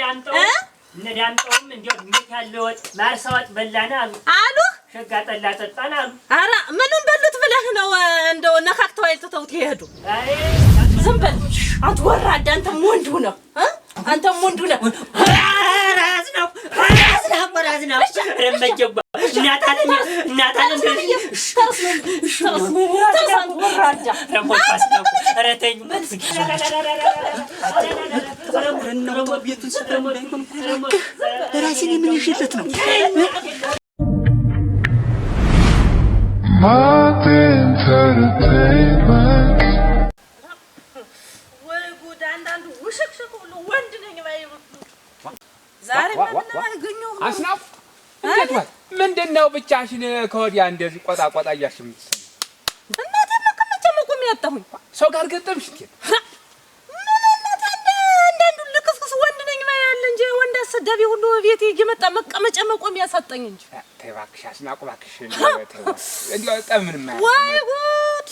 እነዳምጠውም እንደው እንዴት ያለ ወጥ ማርሳ ወጥ በላን አሉ አሉ ሸጋ ጠላ ጠጣን አሉ። ኧረ ምኑን በሉት ብለህ ነው እንደው ነካክተው አይተተውት ይሄዱ። ዝም በል አንተ ወራዳ፣ አንተም ወንዱ ነው አንተም ወንዱ ነው። ራዝ ነው ራዝ ነው ራዝ ነው ረመጀባ እናታለን ራሴን የምን ይሽለት ነው አስናፍ እንዴት ዋል? ምንድን ነው ብቻሽን ከወዲያ እንደዚህ ቆጣ ቆጣ እያልሽ የምትሰማው? እናቴ እኮ መቼም እኮ ሰው ጋር ገጠምሽ እንዴ? ደቤ ሁሉ ቤቴ እየመጣ መቀመጫ መቆም ያሳጠኝ እንጂ እባክሽ፣ አስናቁ እባክሽ። እንዲያው ጠብ ምንም ወይ ጉድ!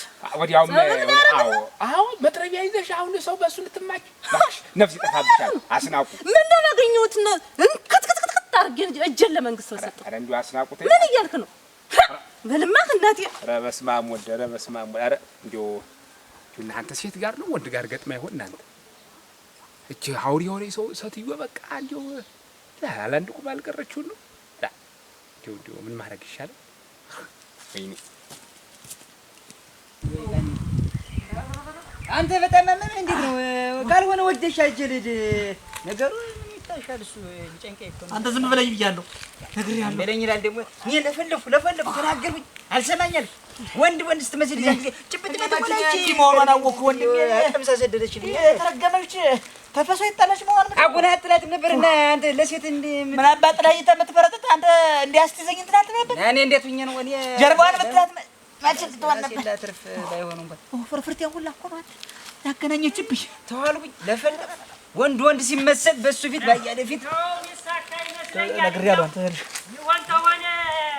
አዎ አዎ መጥረቢያ ይዘሽ አሁን ሰው በእሱ ልትማች እባክሽ፣ ነፍስ ይጠፋብሻል። አስናቁ ምን እንዳገኘሁት እና እንክትክትክት አድርጌ እጄን ለመንግስት ሰጠሁ። ኧረ ምን እያልክ ነው? እናቴ፣ ኧረ በስመ አብ ወልድ፣ ኧረ በስመ አብ ኧረ እናንተ ሴት ጋር ነው ወንድ ጋር ገጥማ ይሆን እናንተ እቺ አውሪ የሆነ ሰው ሰትዮ በቃ ለአንድ ቁም አልቀረች ሁሉ እንዲሁ እንዲሁ ምን ማድረግ ይሻላል? ወይኔ አንተ በጣም አመመህ። እንዴት ነው ካልሆነ ወደሻ ጀልድ ነገሩ ይታሻል። እሱ ጨንቀ አንተ ዝም ብለኝ ብያለሁ፣ ነግሬሃለሁ በለኝ ይላል ደግሞ እኔ ለፈለፉ ለፈለፉ ተናገርኩኝ፣ አልሰማኛል። ወንድ ወንድ ስትመስል ጭብጥ መሆኗን አወኩ። ወንድ ምሳ ሰደደችልኝ ተረገመች ተፈሶ ይጣለሽ መሆን ነው። አጉና አጥላት ነበርና አንተ ለሴት እንደ ምን አባ ጥላኝ የምትበረጥጥ አንተ እንዲያስይዘኝ እንትን አትነበር። እኔ እንዴት ሆኜ ነው እኔ ጀርባዋን ብትላት ማችን ትተዋል ነበር። ትርፍ ባይሆን እንኳን ኦ ፍርፍርቴን ሁላ እኮ ናት ያገናኘችብኝ። ተዋልኩኝ ለፈለ ወንድ ወንድ ሲመሰል በሱ ፊት ባያለ ፊት ነግሬያለሁ አንተ ሄድሽ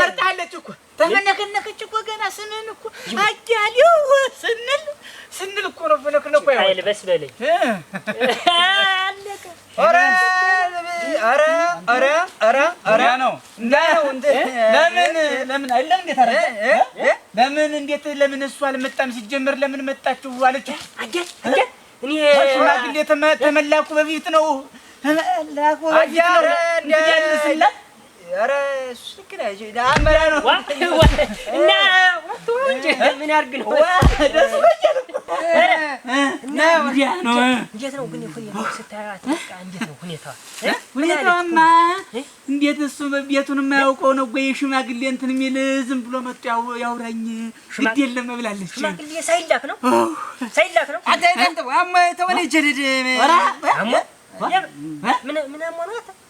መርጣለች እኮ ተመነከነከች እኮ ገና ስምህን እኮ አያሌው ስንል ስንል እኮ ነው ፍነክነኩ ልበስ በለኝ። ኧረ ኧረ ኧረ ኧረ ነው ለምን ለምን አይደለም እንዴት አረ ለምን እንዴት ለምን እሱ አልመጣም? ሲጀምር ለምን መጣችሁ አለችው። እኔ ሽማግሌ ተመላኩ በፊት ነው ተመላኩ በፊት ነው ኧረ እሱ ልክ ነህ። አመዳ ነው እና ወቅቱ እንጂ ምን ያድርግ ነው ደስ በጀል እንዴት ነው እንዴት እሱ ቤቱን የማያውቀው ነው እኮ የሽማግሌ እንትን የሚል ዝም ብሎ መጡ ያውራኝ ግድ የለም ብላለች። ሳይላክ ነው ሳይላክ ነው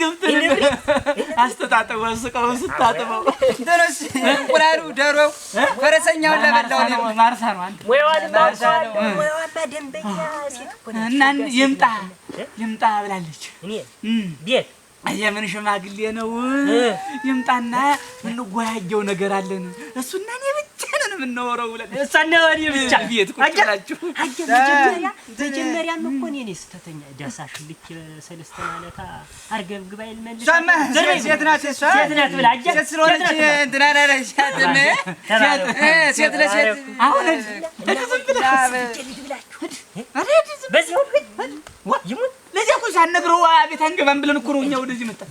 ግብትን አስተጣጥበ ስቀው ስታጥበው ደረስ እንቁላሉ ደሮው ፈረሰኛውን ለበላው ነው። ማርሳ ነው ማርሳ ነው። እና ይምጣ ይምጣ ብላለች። ቤት የምን ሽማግሌ ነው? ይምጣና ነገር አለን እሱና እኔ የምናወራው ብለን እሷና ብቻ ቤት ቁጭ ብላችሁ መጀመሪያም እኮ እኔ ስተተኛ ዳሳሽ ልክ ሰለስተ ማለታ አርገብግባ ይልመልስ ሴት ናት ሴት ናት ብላ ሴት ስለሆነች እንትና ሴት ለሴት አሁን ዝም ብላችሁ በዚህ ይሙት ለዚህ እኮ ሳትነግረው ቤት አንገባም ብለን እኮ ነው እኛ ወደዚህ መጣ።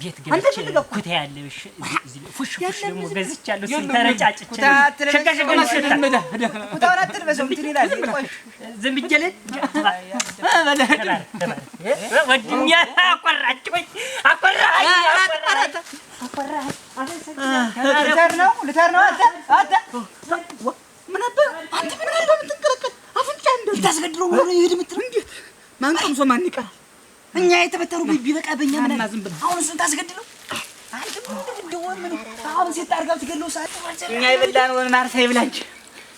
ነው ምን አንተ ምን ማን ቀምሶ ማን ይቀራል? እኛ የተበተሩ ቢበቃ በእኛ ምን አሁን እሱን ታስገድለው አሁን ሴት አድርጋ ብትገድለው እኛ የበላነውን ማርሳ ይብላች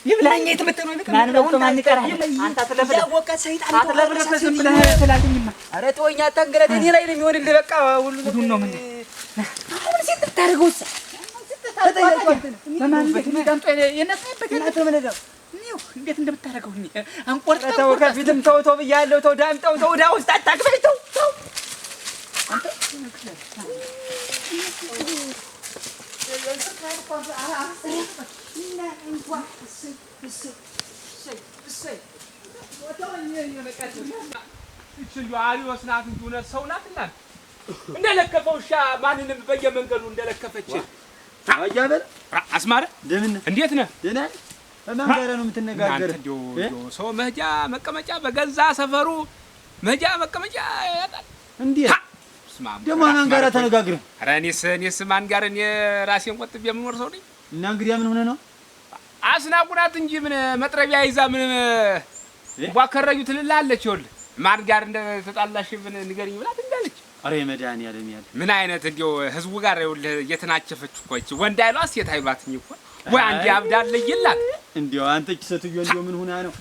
ይብላኛ የተበተሩ ማን በልቶ ማን ይቀራል? አንተ አትለፍለፍ ብለህ ኧረ ተወኝ እኔ ላይ ነው ሁሉ ነው ምን አሁን ሴት እንዴት እንደምታደርገው አንቆርጠው። ተው ከፊትም ተው ተው ብያለሁ። ተው ዳምጠው ተው እዳ ውስጥ አታግባኝ። ተው ተው አሪዎስ ናት እንጂ እውነት ሰው ናት። እናት ውሻ ማንንም በየመንገዱ እንደለከፈች አያበል አስማረ፣ እንደምን እንዴት ነህ? ደህና ከማን ጋር ነው የምትነጋገር? ሰው መሄጃ መቀመጫ በገዛ ሰፈሩ መሄጃ መቀመጫ ያጣል። እንዴት ደግሞ ማን ጋር ተነጋግረህ? ኧረ እኔስ እኔስ ማን ጋር እኔ ራሴን ቆጥቤ የምኖር ሰው ነኝ። እና እንግዲያ ምን ሆነህ ነው? አስናቁናት እንጂ ምን መጥረቢያ ይዛ ምን ቧከረዩ ትልልሃለች። ይኸውልህ ማን ጋር እንደተጣላሽ ብን ንገሪኝ ብላት እንዳለች አረ ያለም ያለ ምን አይነት እንዲያው ህዝቡ ጋር ይውል እየተናቸፈች እኮ እቺ ወንድ አይሏ ሴት አይሏት እኮ ወይ አንድ ያብዳል ይላል እንዲያው አንተ እቺ ሴትዮ እንዲያው ምን ሆና ነው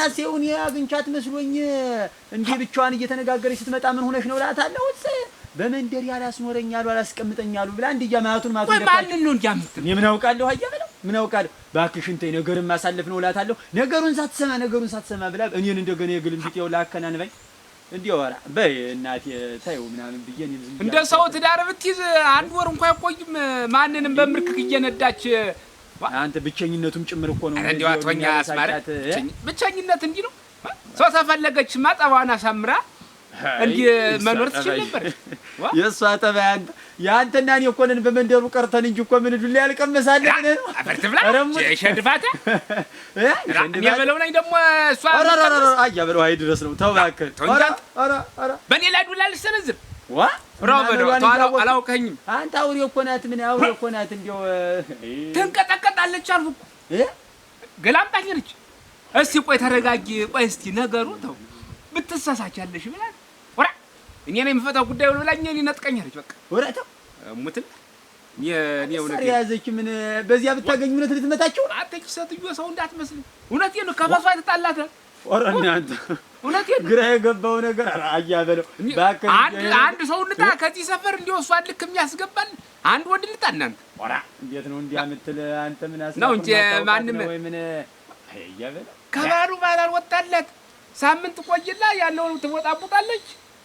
ናት ሲሁን አግኝቻት መስሎኝ እንዲህ ብቻዋን እየተነጋገረች ስትመጣ ምን ሆነሽ ነው እላታለሁ በመንደር ያላስኖረኛሉ አላስቀምጠኛሉ ብላ እንዲህ እያማቱን ማቱ ወይ ማን ነው እንዲያ የምትል እኔ ምን አውቃለሁ አያበለው ምን አውቃለሁ እባክሽን እንተይ ነገርን ማሳለፍ ነው እላታለሁ ነገሩን ሳትሰማ ነገሩን ሳትሰማ ብላ እኔን እንደገና የግልም ቢጤው ላከናንበኝ እንዲያው ኧረ በይ እናቴ ታዩ ምናምን ብዬ እኔም ዝም እንደ ሰው ትዳር ብትይዝ አንድ ወር እንኳን አይቆይም። ማንንም በምርክክ እየነዳች አንተ ብቸኝነቱም ጭምር እኮ ነው። እንዴ አትወኛ አስማረ ብቸኝነት እንዲህ ነው። ሰው ተፈለገችማ ጠባዋን አሳምራ እንዲህ መኖር ትችል ነበር። የእሷ ጠባይ የአንተና እኔ እኮ ነን በመንደሩ ቀርተን እንጂ እኮ ምን ዱላ ያልቀመሳለን ሸድፋታ የበለው ደግሞ እሷ ድረስ ነው። ተው እባክህ በእኔ ላይ ዱላ ልሰነዝር አላውቀኝም። አንተ አውሬ እኮ ናት። ምን አውሬ እኮ ናት። እንዲያው ትንቀጠቀጣለች አልኩህ እኮ ገላምጣኝ ነች። እስቲ ቆይ ተረጋጊ። ቆይ እስቲ ነገሩ ተው ብትሳሳቻለሽ ብላል እኔ ነው የምፈታው ጉዳዩን ብላ እኔ ሊነጥቀኝ አለች። በቃ ወራታ ሙትን የኔ ምን በዚያ ብታገኝ እውነት ልትመታችሁ አትች። ሴትዮ ሰው እንዳትመስል እውነቴን ነው። ከፋሷ የተጣላተ ኦረኛ አንተ እውነቴን ግራ የገባው ነገር አያ አንድ ሰው ልጣ ከዚህ ሰፈር እንዲወሱ አልክ የሚያስገባል አንድ ወንድ ልጣ እናንተ ኦራ እንዴት ነው እንዲያ የምትል አንተ ምን አስባ ነው እንጂ ማንም ወይ ምን አያ ከባሉ ባል አልወጣለት ሳምንት ቆይላ ያለውን ትወጣቡጣለች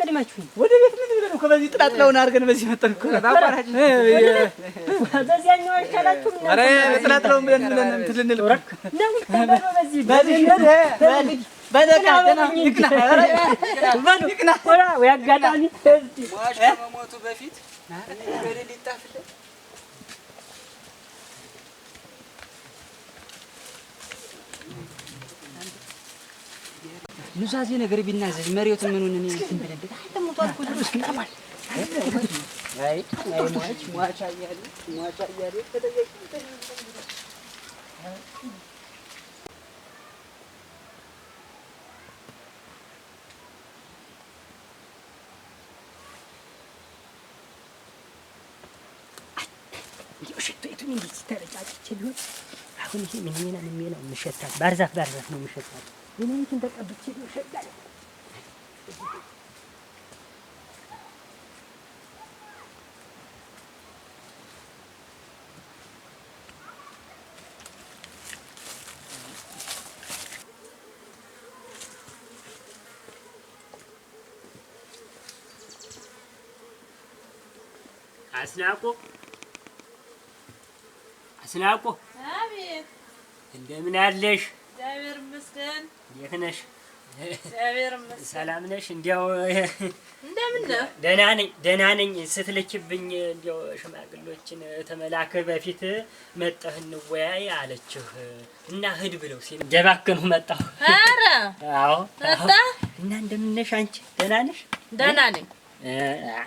ቀድማችሁ ወደ ቤት ምን ብለህ ነው? ከበዚህ ጥላጥላውን አድርገን በዚህ መጠን እኮ በዚያኛው አይሻላችሁም? ብለን ብለን እንትን ከመሞቱ ኑዛዜ ነገር ቢናዘዝ መሬቱን ምኑን እኔ እንትን ብለበት አንተ ሞቷል እኮ ድሮስ እንጠማል። ሟች ሟች አያሌ ሟች አያሌ ተጠያቂ እንዲህ ተረጫጭቼ ቢሆን አሁን ይሄ ምን ሜና ምን ሜና የምሸታት ባርዛፍ ባርዛፍ ነው የምሸታት። ተቀብቼ ቢሆን ሸጋል አስናቁ አስናቁ አቤት፣ እንደምን አለሽ? እግዚአብሔር ይመስገን። እንዴት ነሽ? እግዚአብሔር ይመስገን። ሰላም ነሽ? እንዲያው እንደምን ነው? ደህና ነኝ፣ ደህና ነኝ ስትልኪብኝ እንዲያው ሽማግሎችን ተመላክህ በፊት መጠህ እንወያይ አለችህ እና ህድ ብለው ሲል ደባከንሁ መጣሁ። አረ አዎ መጣ እና እንደምን ነሽ አንቺ? ደህና ነሽ? ደህና ነኝ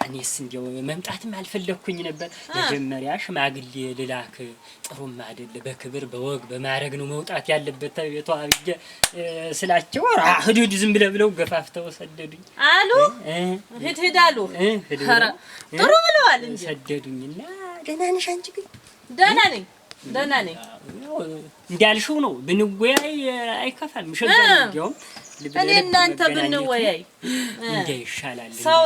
እኔስ እንዲያው መምጣትም አልፈለግኩኝ ነበር። መጀመሪያ ሽማግሌ ልላክ ጥሩም አይደለ፣ በክብር በወግ በማድረግ ነው መውጣት ያለበት ቤቷ ብዬ ስላቸው ህድህድ ዝም ብለህ ብለው ገፋፍተው ሰደዱኝ አሉ። ህድህድ አሉ። ጥሩ ብለዋል እንጂ ሰደዱኝና፣ ደህና ነሽ አንቺ? ግን ደህና ነኝ ደህና ነኝ። እንዳልሽው ነው ብንጎያይ አይከፋም። ሸጋ እንዲያውም እኔ እናንተ ብንወያይ ይሻላል። ሰው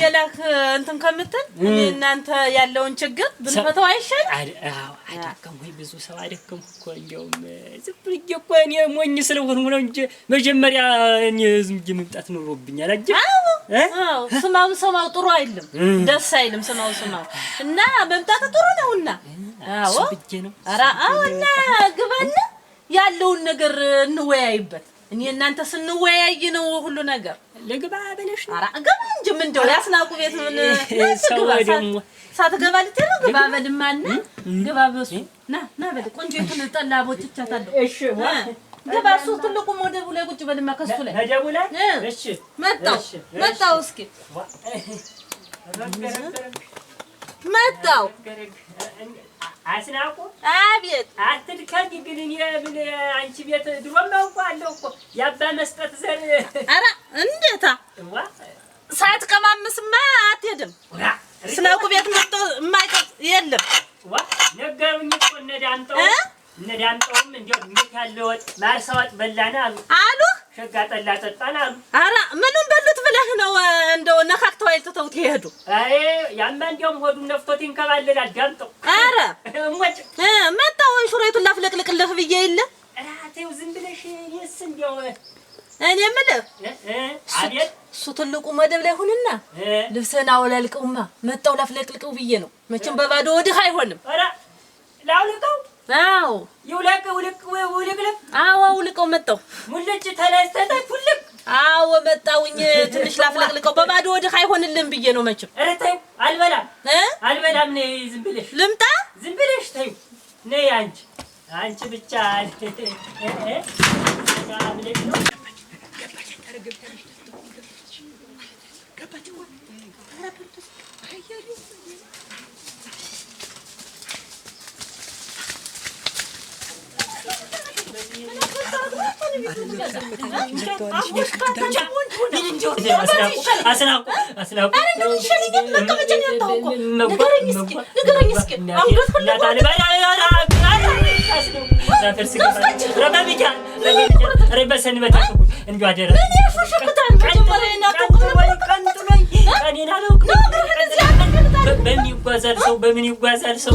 የላክ እንትን ከምትል እኔ እናንተ ያለውን ችግር ብንፈተው አይሻል? አደከም ብዙ ሰው አደከም እኮ እንዲያውም ዝም ብዬ እኮ እኔ ሞኝ ስለሆንኩ ነው እንጂ መጀመሪያ ዝም ብዬ መምጣት ኖሮብኛል። ስማው ስማው ጥሩ አይልም፣ ደስ አይልም። ስማው ስማው እና መምጣት ጥሩ አዎ ነው። ኧረ አዎ እና ግባና ያለውን ነገር እንወያይበት እኔ እናንተ ስንወያይ ነው ሁሉ ነገር። ልግባ ብለሽ ነው? ኧረ ግባ እንጂ ምን እንደው ያስናቁ ቤት ምን ሰው ደግሞ ሳትገባ ልትሄድ ነው? ግባ በልማ እና ግባ በሱ ና ና በል ቆንጆ ይቱን ጠላ ቦትቻታለሁ። እሺ ግባ እሱ ትልቁ ሞደቡ ላይ ቁጭ በልማ ከሱ ላይ ሞደቡ ላይ እሺ። መጣሁ መጣው እስኪ መጣሁ አስናቁ አቤት አትድከኝ። ግን እኔ ምን አንቺ ቤት ድሮም አውቆ እኮ ያባ መስጠት ዘር ኧረ እንዴታ ሳትቀማምስማ አትሄድም። ስናቁ ቤት መጥቶ የማይቀር የለም። ነገሩኝ እኮ እነ ዳምጠውም እነ ዳምጠውም እንዲያው ያለ ወጥ ማርሰዋጥ በላን አሉ አሉ ሸጋ ጠላ ጠጣን አሉ። ምኑን በሉት ብለህ ነው እንደው ነካክተው አይልተተውት ይሄዱ። አይ ያማ እንዲያውም ሆዱን ነፍቶት ይንከባለላል። ዳምጠው ኧረ እሞጭ መጣው ሹሬቱን ላፍለቅልቅልህ ብዬ የለ ራቴው ዝም ብለሽ ይስ እንዲያው እኔ የምልህ እሱ ትልቁ መደብ ላይ ሁንና ልብስህን አወላልቀውማ መጣው ላፍለቅልቀው ብዬ ነው። መቼም በባዶ ወድህ አይሆንም። ኧረ ላውልቀው አዎ ይውለቅ ውልቅ ውልቅልቅ አዎ ውልቀው መጣው ሙልጭ ተለሰተ ሁልቅ አዎ መጣውኝ ትንሽ ላፍለቅልቀው በባዶ ወድህ አይሆንልህም ብዬ ነው መቼም ኧረ ተይው አልበላም አልበላም ነይ ዝም ብለሽ ልምጣ ዝም ብለሽ ተይው ነይ አንቺ አንቺ ብቻ ገባች በምን ይጓዛል ሰው? በምን ይጓዛል ሰው?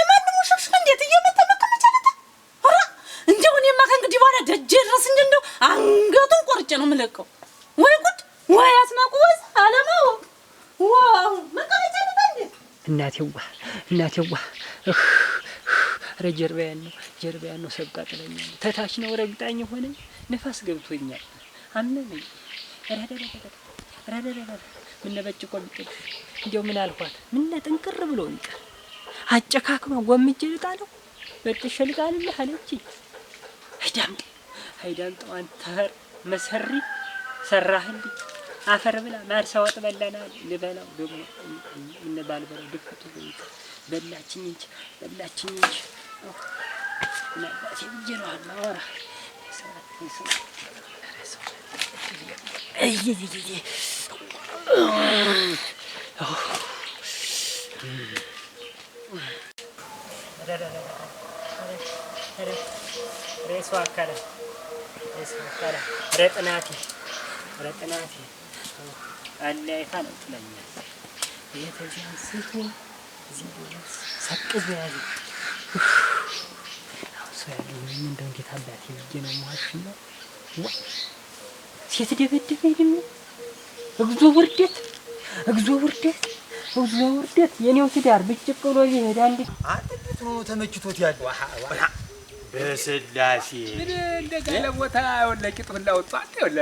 የማንም ውሽብሽብ እንዴት እየመጣ እንደው እኔማ ከእንግዲህ በኋላ ደጄ ድረስ እንደው አንገቱን ቆርጬ ነው የምለቀው። ወይ ጉድ! ወይ አስማቁ! ወዝ አለማወቅ! ዋው እናቴዋ እናቴዋ ነው ነው ሰብቃ ጥለኛል። ተታች ነው ረግጣኝ ሆነኝ ነፋስ ገብቶኛል። አመመኝ። ራዳዳዳ ራዳዳዳ ምነበጭቆ ቢጥል እንዲያው ምን አልኳት ምነ ጥንቅር ብሎ ይቀር አጨካክማ ጎምጄ ልጣለሁ በጥሽ ልጣልልህ አለችኝ። ሄዳምጤ ሄዳምጤው አንተር መሰሪ ሰራህልኝ አፈር ብላ ማርሳወጥ በላናል ልበላው ደግሞ ምን ባልበላው ድፍቱ በላችኝ እንጂ በላችኝ እንጂ እይ አከለ አከለ ረጥናቴ ረጥናቴ አለያይታ ነው ትለኛል። የተዚህ አንስቶ እዚህ ድረስ ሰቅዞ ያዘ። ሰው ያለው ወይም እንደው እንዴት አላት ብዬ ነው መዋሽና ሴት ደበደበ ደግሞ እግዞ ውርደት፣ እግዞ ውርደት፣ እግዞ ውርደት የኔው ትዳር ብጭቅ ብሎ ይሄዳል። አንድ ተመችቶት ያለው በስላሴ ምን እንደጋለ ቦታ ወለ ቂጥ ሁላ ወጣ ወለ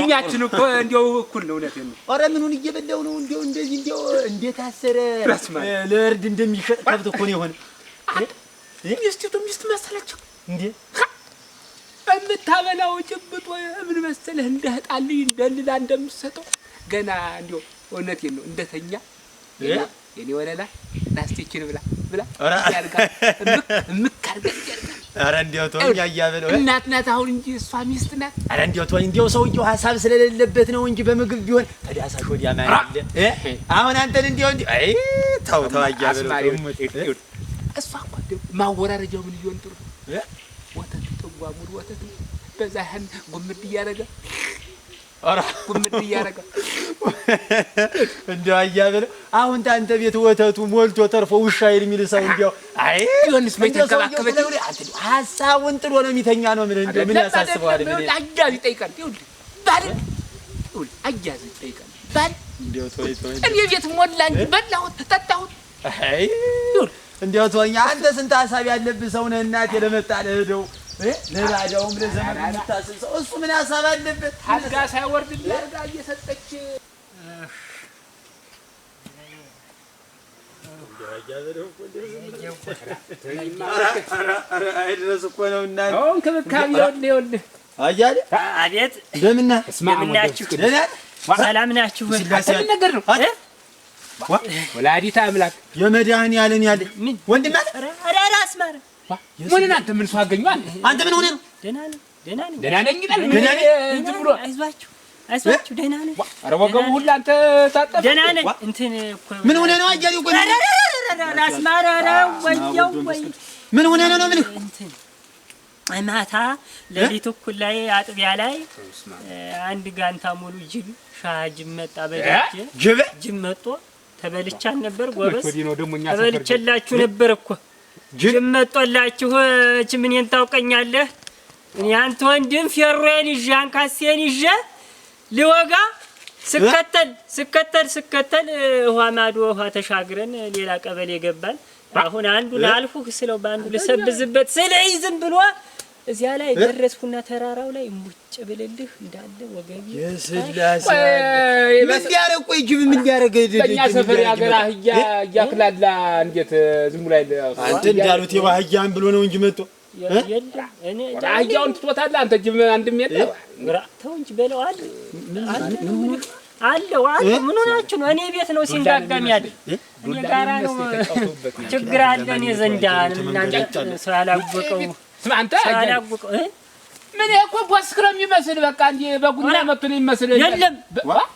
እኛችን እኮ እንዲያው እኩል ነው። እውነቴን ነው። ኧረ ምኑን እየበላው ነው? እንዲያው እንደዚህ እንዲያው እንደታሰረ ለእርድ እንደሚሸጥ ከብት እኮ ነው የሆነ ሚስቲቱ ሚስት መሰለችው እንዴ የምታበላው ጭብጦ ምን መሰለህ እንደህጣልኝ እንደልላ እንደምትሰጠው ገና እንዲያው እውነቴን ነው እንደተኛ የኔ ወለላ ላስቲችን ብላ ብላ እናት ናት አሁን እንጂ እሷ ሚስት ናት። ኧረ እንዲያው ተወኝ፣ እንዲያው ሰውዬው ሀሳብ ስለሌለበት ነው እንጂ በምግብ ቢሆን ተዳሳሽ ወዲያ ማለት አሁን አንተን እንዲያው አይ ተው ተው አያበለው እሷ እኮ ማወራረጃው ምን ጥሩ ወተት ወተት በዛ ህን ጉምድ ጉምድ እንደው አያበለ አሁን ታንተ ቤት ወተቱ ሞልቶ ተርፎ ውሻ ይል የሚል ሰው እንዲያው አይ ዮሐንስ ቤት ተከባከበት ሀሳቡን ጥሎ ነው የሚተኛ ነው። ምን እንደው ምን ያሳስበዋል? ምን አያዝ ይጠይቃል። ይኸውልህ ባል ይኸውልህ አያዝ ይጠይቃል። ባል እንደው ተወይ ተወይ እኔ ቤት ሞላ እንጂ በላሁት ተጠጣሁት። አይ እንደው ተወኛ አንተ ስንት ሀሳብ ያለብህ ሰው ነህ። እናቴ ለመጣልህ ሄደው ለባዳውም ለዘመድ የምታስብ ሰው እሱ ምን ሀሳብ አለበት? ታጋ ሳይወርድልህ እየሰጠች አይድረስ እኮ ነው እና እንክብካቤ ይኸውልህ ይኸውልህ አያሌ አቤት እንደምን ናችሁ ሰላም ናችሁ ምን ነገር ነው ወላዲተ አምላክ የመድኃኒዓለም ያለ ወንድም አለ አስማረ ምን አንተ ምን ሰው አገኘሁ አንተ ምን ሆነህ ነው ደህና ነኝ ደህና ነኝ ደህና ነኝ ብሎ አይዟችሁ አይዟችሁ ደህና ነኝ። ኧረ ወገቡ ሁላ አንተ ደህና ነኝ። እንትን እኮ ምን ሆነህ ነው? አያሌው ኧረ ወየው፣ ወይ ምን ሆነህ ነው ማታ እኩል ላይ አጥቢያ ላይ አንድ ጋንታ ሙሉ ጅብ ሻጅብ መጣ። በዳጀ ጅብ ጅብ መጥቶ ተበልቻን ነበር ጎበዝ፣ ተበልቼላችሁ ነበር እኮ ጅብ መጦላችሁ። እች ምን ታውቀኛለህ? እኔ አንተ ወንድም ፌሮዬን ይዤ አንካሴን ይዤ ሊወጋ ስከተል ስከተል ስከተል ውሃ ማዶ ውሃ ተሻግረን ሌላ ቀበሌ ገባን። አሁን አንዱ ላልፉ ስለው በአንዱ ልሰብዝበት ስለይ ዝም ብሎ እዚያ ላይ ደረስኩና ተራራው ላይ ሙጭ ብልልህ እንዳለ ወገቢ የስላሴ ምን ያረቁ ይጅብ ምን ያረገ በእኛ ሰፈር ያገራ ህያ እያክላላ እንዴት ዝም ላይ አንተ እንዳሉት የባህያን ብሎ ነው እንጂ መጥቶ አህያውን ትቶታል። አንተ ጅብ አንድም የለም። ተው እንጂ በለው አለ አለው አለ። ምን ነው? እኔ ቤት ነው ሲንጋጋም ያለ እኔ ጋራ ነው ችግር አለ። እኔ ዘንዳ እናንተ ሳላወቀው አንተ ሳላወቀው ምን እኮ ቦስክ ነው በቃ እንደ በጉና መጥቶ ነው የሚመስል። የለም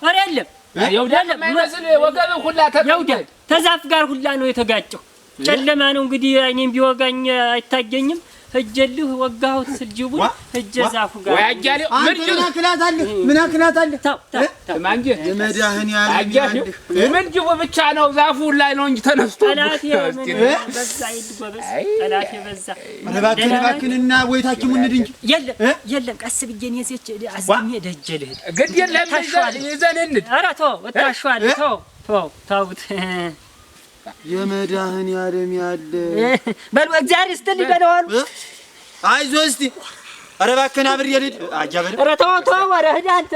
ኧረ የለም ወገብ ሁላ ተዛፍ ጋር ሁላ ነው የተጋጨው። ጨለማ ነው እንግዲህ እኔም ቢወጋኝ አይታየኝም። እጀልህ ወጋሁት ስል እጀ ዛፉ ጋር ምን አክላት ምን አክላት ማንጂ ያለ ጅቡ ብቻ ነው ዛፉ ላይ ነው እንጂ ተነስቶ ጠላት ጎበዝ የበዛ ወይ ታኪሙ እንሂድ እንጂ የለም የለም፣ ቀስ ብዬ እኔ አዝሜ ደጀ ግድ የለም ይዘን እንድ ኧረ ተው እታሸዋለሁ። ተው ተው ተውት የመድኃኒዓለም ያለ በሉ እግዚአብሔር ይስጥልኝ በለው አሉ። አይዞህ እስቲ ኧረ እባክህን አብሬ ልሂድ። አጃበል ኧረ ተው ተው፣ ኧረ ሂድ አንተ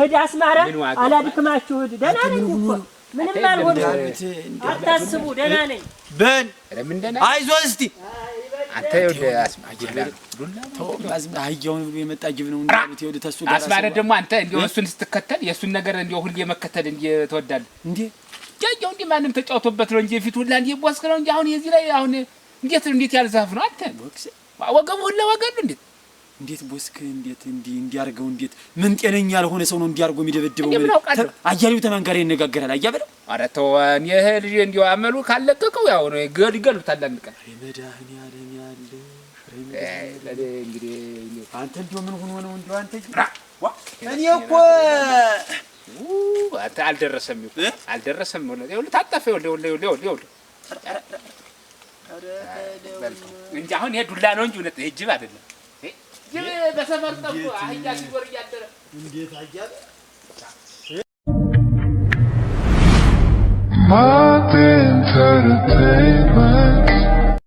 ሂድ። አስማራ አላድክማችሁ፣ ሂድ። ደህና ነኝ እኮ ምንም አልሆንም፣ አታስቡ፣ ደህና ነኝ። በን ምን በል አይዞህ እስቲ አንተ ይኸውልህ አህያውን ብሎ የመጣ ጅብ ነው እንዴ? ይኸውልህ ተሱ ጋር አስማረ ደግሞ አንተ እንደው እሱን ስትከተል የእሱን ነገር እንደው ሁሌ መከተል እንደ ትወዳለህ እንዴ? ያው እንዲህ ማንም ተጫውቶበት ነው እንጂ የፊት ሁላ እንዲህ ቦስክ ነው እንጂ አሁን የዚህ ላይ አሁን እንዴት ነው እንዴት ያልዛፍ ነው አንተ ወገቡ ሁላ ወገሉ እንዴት እንዴት ቦስክ እንዴት እንዲህ እንዲያርገው እንዴት ምን ጤነኛ ያልሆነ ሰው ነው እንዲያርገው የሚደበድበው? አያሌው ተማን ጋር ይነጋገራል። አያበለው ኧረ ተው ይሄ ልጅ እንዲሁ አመሉ ካለቀቀው ያው ነው ይገሉታል። አንድ ቀን መድኃኒዓለም ያለ እንግዲህ አንተ እንዲሁ ምን ሆኖ ነው እንዲሁ አንተ እኔ እኮ አልደረሰም አልደረሰም። ይኸውልህ ታጠፈ። ይኸውልህ እንጂ አሁን ይሄ ዱላ ነው እንጂ እውነት ይሄ ጅብ አይደለም። ጅብ በሰፈር ጠፉ። አህያ ሲጎር እያደረ እንዴት አያለ